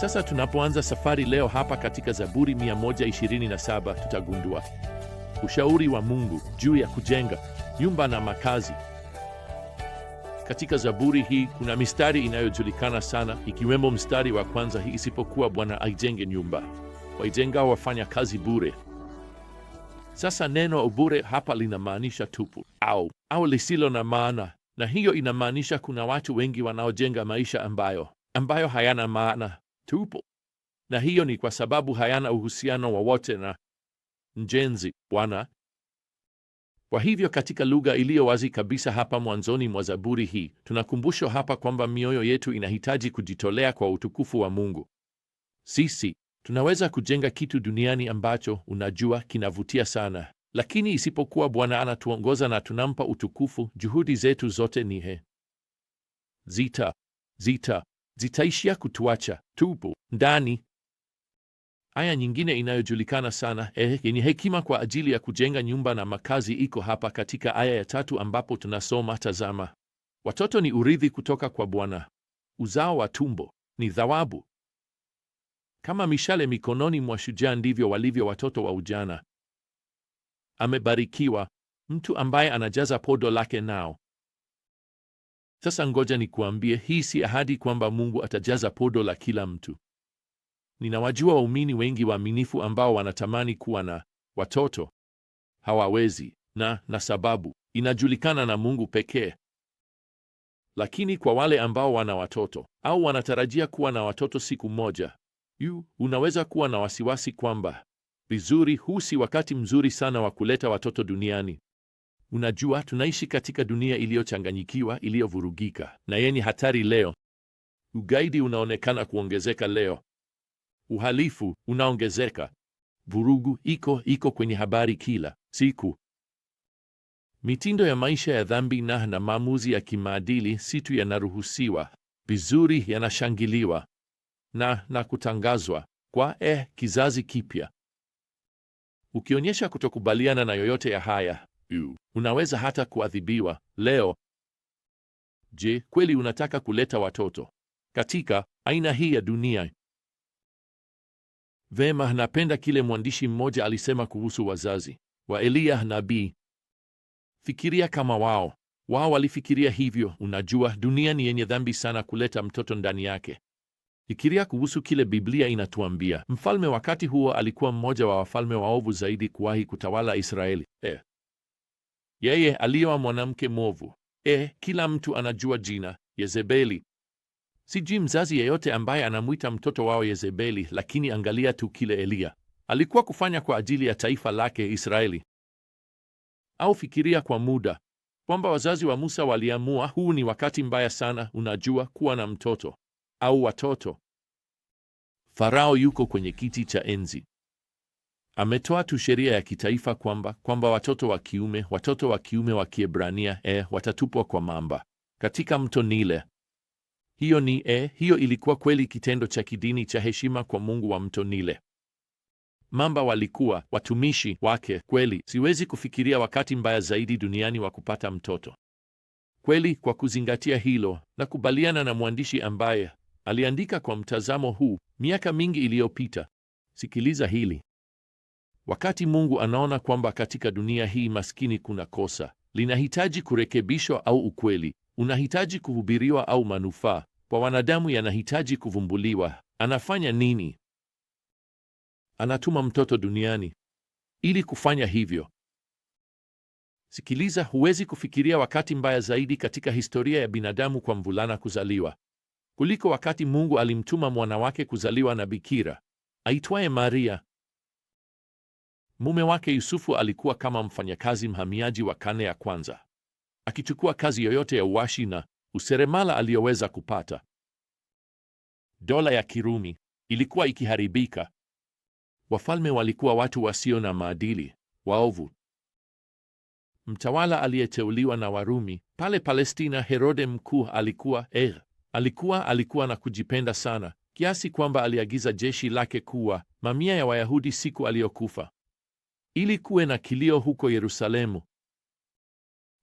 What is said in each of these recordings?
Sasa tunapoanza safari leo hapa katika Zaburi 127 tutagundua ushauri wa Mungu juu ya kujenga nyumba na makazi. Katika Zaburi hii kuna mistari inayojulikana sana, ikiwemo mstari wa kwanza hii, isipokuwa Bwana aijenge nyumba, waijengao wafanya kazi bure. Sasa neno bure hapa linamaanisha tupu au au lisilo na maana, na hiyo inamaanisha kuna watu wengi wanaojenga maisha ambayo ambayo hayana maana tupu, na hiyo ni kwa sababu hayana uhusiano wowote na njenzi Bwana. Kwa hivyo katika lugha iliyo wazi kabisa hapa mwanzoni mwa Zaburi hii tunakumbushwa hapa kwamba mioyo yetu inahitaji kujitolea kwa utukufu wa Mungu. Sisi tunaweza kujenga kitu duniani ambacho unajua kinavutia sana, lakini isipokuwa Bwana anatuongoza na tunampa utukufu, juhudi zetu zote ni he zita zita zitaishia kutuacha tupu ndani. Aya nyingine inayojulikana sana eh, yenye hekima kwa ajili ya kujenga nyumba na makazi iko hapa katika aya ya tatu, ambapo tunasoma tazama, watoto ni urithi kutoka kwa Bwana, uzao wa tumbo ni thawabu. Kama mishale mikononi mwa shujaa, ndivyo walivyo watoto wa ujana. Amebarikiwa mtu ambaye anajaza podo lake nao. Sasa ngoja nikuambie, hii si ahadi kwamba Mungu atajaza podo la kila mtu. Ninawajua waumini wengi waaminifu ambao wanatamani kuwa na watoto hawawezi, na na sababu inajulikana na Mungu pekee. Lakini kwa wale ambao wana watoto au wanatarajia kuwa na watoto siku moja, yu unaweza kuwa na wasiwasi kwamba, vizuri, huu si wakati mzuri sana wa kuleta watoto duniani. Unajua, tunaishi katika dunia iliyochanganyikiwa, iliyovurugika na yenye hatari leo. Ugaidi unaonekana kuongezeka leo, uhalifu unaongezeka, vurugu iko iko kwenye habari kila siku. Mitindo ya maisha ya dhambi na na maamuzi ya kimaadili si tu yanaruhusiwa vizuri, yanashangiliwa na na kutangazwa kwa eh, kizazi kipya, ukionyesha kutokubaliana na yoyote ya haya Unaweza hata kuadhibiwa leo. Je, kweli unataka kuleta watoto katika aina hii ya dunia? Vema, napenda kile mwandishi mmoja alisema kuhusu wazazi wa Eliya nabii. Fikiria kama wao wao walifikiria hivyo. Unajua, dunia ni yenye dhambi sana kuleta mtoto ndani yake. Fikiria kuhusu kile Biblia inatuambia. Mfalme wakati huo alikuwa mmoja wa wafalme waovu zaidi kuwahi kutawala Israeli. Eh, yeye aliyewa mwanamke mwovu. E, kila mtu anajua jina Yezebeli. Sijui mzazi yeyote ambaye anamwita mtoto wao Yezebeli, lakini angalia tu kile Eliya alikuwa kufanya kwa ajili ya taifa lake Israeli. Au fikiria kwa muda kwamba wazazi wa Musa waliamua huu ni wakati mbaya sana, unajua, kuwa na mtoto au watoto. Farao yuko kwenye kiti cha enzi Ametoa tu sheria ya kitaifa kwamba kwamba watoto wa kiume watoto wa kiume wa Kiebrania e, watatupwa kwa mamba katika mto Nile. Hiyo ni e, hiyo ilikuwa kweli kitendo cha kidini cha heshima kwa Mungu wa mto Nile. Mamba walikuwa watumishi wake kweli. Siwezi kufikiria wakati mbaya zaidi duniani wa kupata mtoto kweli. Kwa kuzingatia hilo, nakubaliana na mwandishi ambaye aliandika kwa mtazamo huu miaka mingi iliyopita. Sikiliza hili. Wakati Mungu anaona kwamba katika dunia hii maskini kuna kosa linahitaji kurekebishwa au ukweli unahitaji kuhubiriwa au manufaa kwa wanadamu yanahitaji kuvumbuliwa, anafanya nini? Anatuma mtoto duniani ili kufanya hivyo. Sikiliza, huwezi kufikiria wakati mbaya zaidi katika historia ya binadamu kwa mvulana kuzaliwa kuliko wakati Mungu alimtuma mwanawake kuzaliwa na bikira aitwaye Maria. Mume wake Yusufu alikuwa kama mfanyakazi mhamiaji wa kane ya kwanza, akichukua kazi yoyote ya uwashi na useremala aliyoweza kupata. Dola ya Kirumi ilikuwa ikiharibika. Wafalme walikuwa watu wasio na maadili, waovu. Mtawala aliyeteuliwa na Warumi pale Palestina, Herode mkuu, alikuwa eh, alikuwa alikuwa na kujipenda sana kiasi kwamba aliagiza jeshi lake kuwa mamia ya Wayahudi siku aliyokufa ili kuwe na kilio huko Yerusalemu.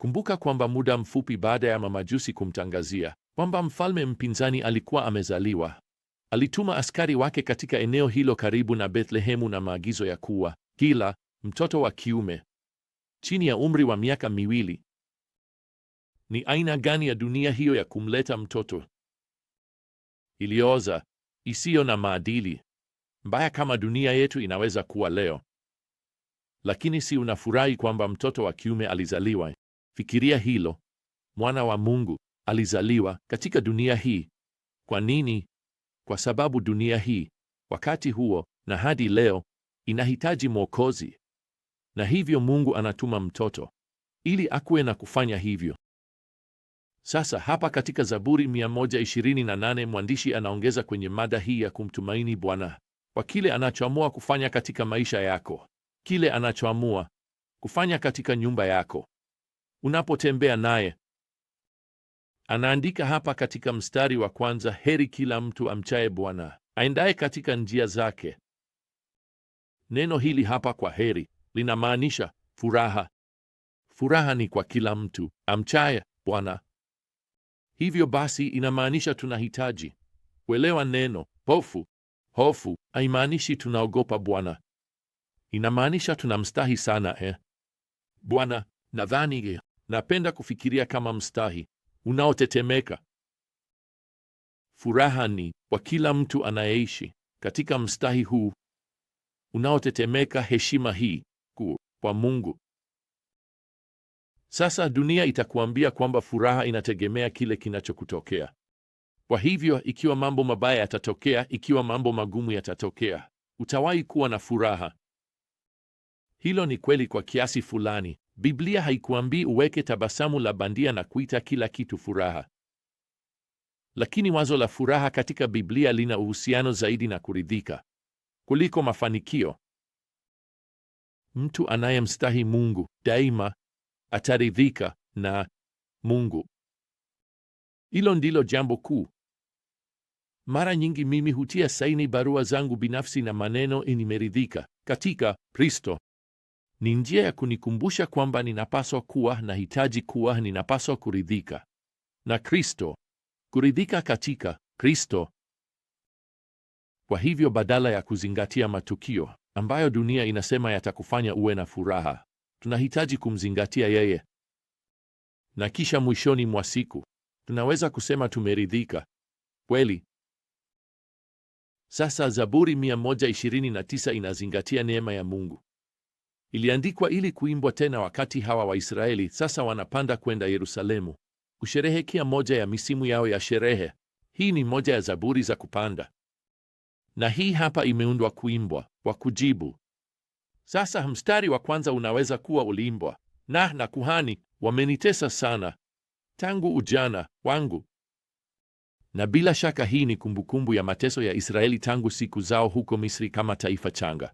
Kumbuka kwamba muda mfupi baada ya mamajusi kumtangazia kwamba mfalme mpinzani alikuwa amezaliwa, alituma askari wake katika eneo hilo karibu na Bethlehemu na maagizo ya kuwa kila mtoto wa kiume chini ya umri wa miaka miwili. Ni aina gani ya dunia hiyo ya kumleta mtoto iliyooza isiyo na maadili, mbaya kama dunia yetu inaweza kuwa leo? Lakini si unafurahi kwamba mtoto wa kiume alizaliwa? Fikiria hilo, mwana wa Mungu alizaliwa katika dunia hii. Kwa nini? Kwa sababu dunia hii wakati huo na hadi leo inahitaji mwokozi, na hivyo Mungu anatuma mtoto ili akuwe na kufanya hivyo. Sasa hapa katika Zaburi 128 mwandishi anaongeza kwenye mada hii ya kumtumaini Bwana kwa kile anachoamua kufanya katika maisha yako kile anachoamua kufanya katika nyumba yako unapotembea naye. Anaandika hapa katika mstari wa kwanza, heri kila mtu amchaye Bwana aendaye katika njia zake. Neno hili hapa kwa heri linamaanisha furaha. Furaha ni kwa kila mtu amchaye Bwana. Hivyo basi, inamaanisha tunahitaji kuelewa neno. Hofu hofu haimaanishi tunaogopa Bwana, Inamaanisha tunamstahi sana eh. Bwana, nadhani eh, napenda kufikiria kama mstahi unaotetemeka. Furaha ni kwa kila mtu anayeishi katika mstahi huu unaotetemeka, heshima hii kuu kwa Mungu. Sasa dunia itakuambia kwamba furaha inategemea kile kinachokutokea. Kwa hivyo, ikiwa mambo mabaya yatatokea, ikiwa mambo magumu yatatokea, utawahi kuwa na furaha. Hilo ni kweli kwa kiasi fulani. Biblia haikuambii uweke tabasamu la bandia na kuita kila kitu furaha, lakini wazo la furaha katika Biblia lina uhusiano zaidi na kuridhika kuliko mafanikio. Mtu anayemstahi Mungu daima ataridhika na Mungu. Hilo ndilo jambo kuu. Mara nyingi mimi hutia saini barua zangu binafsi na maneno nimeridhika katika Kristo ni njia ya kunikumbusha kwamba ninapaswa kuwa, nahitaji kuwa, ninapaswa kuridhika na Kristo, kuridhika katika Kristo. Kwa hivyo, badala ya kuzingatia matukio ambayo dunia inasema yatakufanya uwe na furaha, tunahitaji kumzingatia yeye, na kisha mwishoni mwa siku tunaweza kusema tumeridhika kweli. Sasa Zaburi 129 inazingatia neema ya Mungu iliandikwa ili kuimbwa tena wakati hawa Waisraeli sasa wanapanda kwenda Yerusalemu kusherehekea moja ya misimu yao ya sherehe. Hii ni moja ya zaburi za kupanda, na hii hapa imeundwa kuimbwa kwa kujibu. Sasa mstari wa kwanza unaweza kuwa uliimbwa na na kuhani, wamenitesa sana tangu ujana wangu. Na bila shaka hii ni kumbukumbu ya mateso ya Israeli tangu siku zao huko Misri kama taifa changa.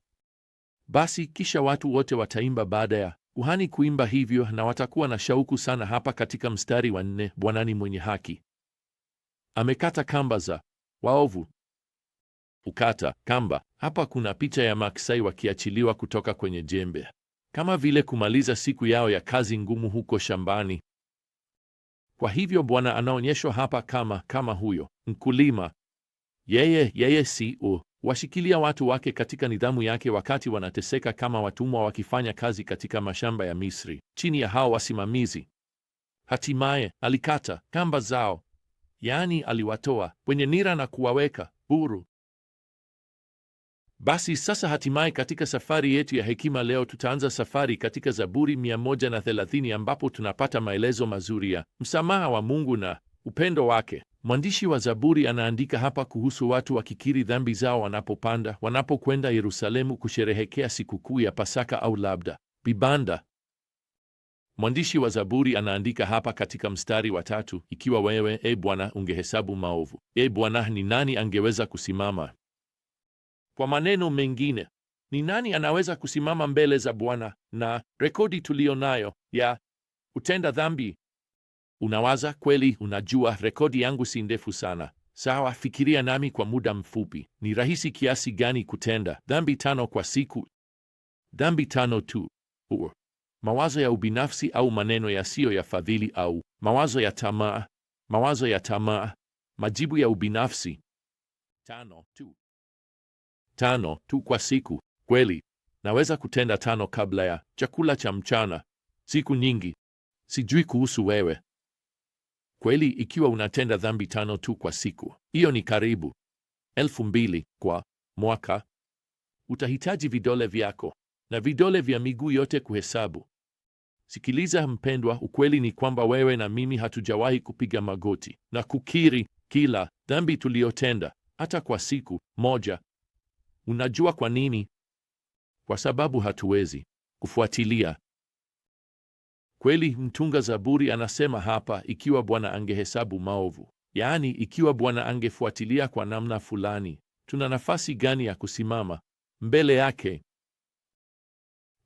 Basi kisha watu wote wataimba baada ya kuhani kuimba hivyo, na watakuwa na shauku sana. Hapa katika mstari wa nne, Bwanani mwenye haki, amekata kamba za waovu. Ukata kamba hapa kuna picha ya maksai wakiachiliwa kutoka kwenye jembe, kama vile kumaliza siku yao ya kazi ngumu huko shambani. Kwa hivyo Bwana anaonyeshwa hapa kama kama huyo mkulima. Yeye yeye si u washikilia watu wake katika nidhamu yake wakati wanateseka kama watumwa wakifanya kazi katika mashamba ya Misri chini ya hao wasimamizi. Hatimaye alikata kamba zao, yaani aliwatoa kwenye nira na kuwaweka huru. Basi sasa, hatimaye katika safari yetu ya hekima leo, tutaanza safari katika Zaburi 130 ambapo tunapata maelezo mazuri ya msamaha wa Mungu na upendo wake. Mwandishi wa Zaburi anaandika hapa kuhusu watu wakikiri dhambi zao wanapopanda, wanapokwenda Yerusalemu kusherehekea sikukuu ya Pasaka au labda vibanda. Mwandishi wa Zaburi anaandika hapa katika mstari wa tatu, ikiwa wewe, e Bwana, ungehesabu maovu, e Bwana, ni nani angeweza kusimama? Kwa maneno mengine, ni nani anaweza kusimama mbele za Bwana na rekodi tuliyo nayo ya utenda dhambi? Unawaza kweli, unajua rekodi yangu si ndefu sana. Sawa, fikiria nami kwa muda mfupi. Ni rahisi kiasi gani kutenda dhambi tano kwa siku? Dhambi tano tu. Uo. Mawazo ya ubinafsi au maneno yasiyo ya fadhili au mawazo ya tamaa, mawazo ya tamaa, majibu ya ubinafsi. Tano tu, tano tu kwa siku. Kweli naweza kutenda tano kabla ya chakula cha mchana siku nyingi. Sijui kuhusu wewe, Kweli, ikiwa unatenda dhambi tano tu kwa siku, hiyo ni karibu elfu mbili kwa mwaka. Utahitaji vidole vyako na vidole vya miguu yote kuhesabu. Sikiliza mpendwa, ukweli ni kwamba wewe na mimi hatujawahi kupiga magoti na kukiri kila dhambi tuliyotenda hata kwa siku moja. Unajua kwa nini? Kwa sababu hatuwezi kufuatilia Kweli mtunga zaburi anasema hapa, ikiwa Bwana angehesabu maovu, yaani ikiwa Bwana angefuatilia kwa namna fulani, tuna nafasi gani ya kusimama mbele yake?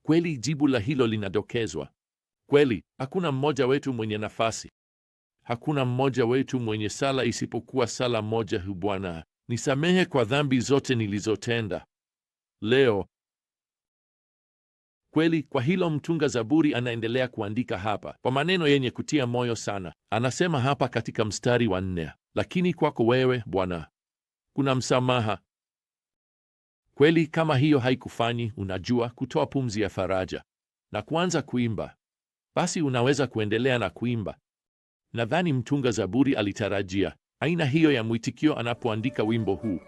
Kweli jibu la hilo linadokezwa. Kweli hakuna mmoja wetu mwenye nafasi, hakuna mmoja wetu mwenye sala, isipokuwa sala moja: Bwana, nisamehe kwa dhambi zote nilizotenda leo Kweli kwa hilo, mtunga zaburi anaendelea kuandika hapa kwa maneno yenye kutia moyo sana. Anasema hapa katika mstari wa nne, lakini kwako wewe Bwana kuna msamaha. Kweli kama hiyo haikufanyi, unajua, kutoa pumzi ya faraja na kuanza kuimba, basi unaweza kuendelea na kuimba. Nadhani mtunga zaburi alitarajia aina hiyo ya mwitikio anapoandika wimbo huu.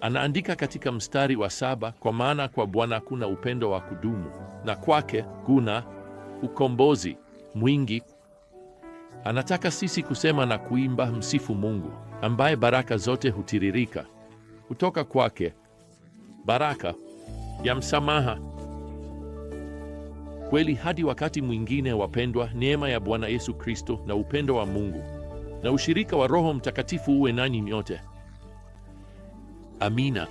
Anaandika katika mstari wa saba, kwa maana kwa Bwana kuna upendo wa kudumu na kwake kuna ukombozi mwingi. Anataka sisi kusema na kuimba msifu Mungu ambaye baraka zote hutiririka kutoka kwake, baraka ya msamaha. Kweli, hadi wakati mwingine, wapendwa, neema ya Bwana Yesu Kristo na upendo wa Mungu na ushirika wa Roho Mtakatifu uwe nanyi nyote. Amina.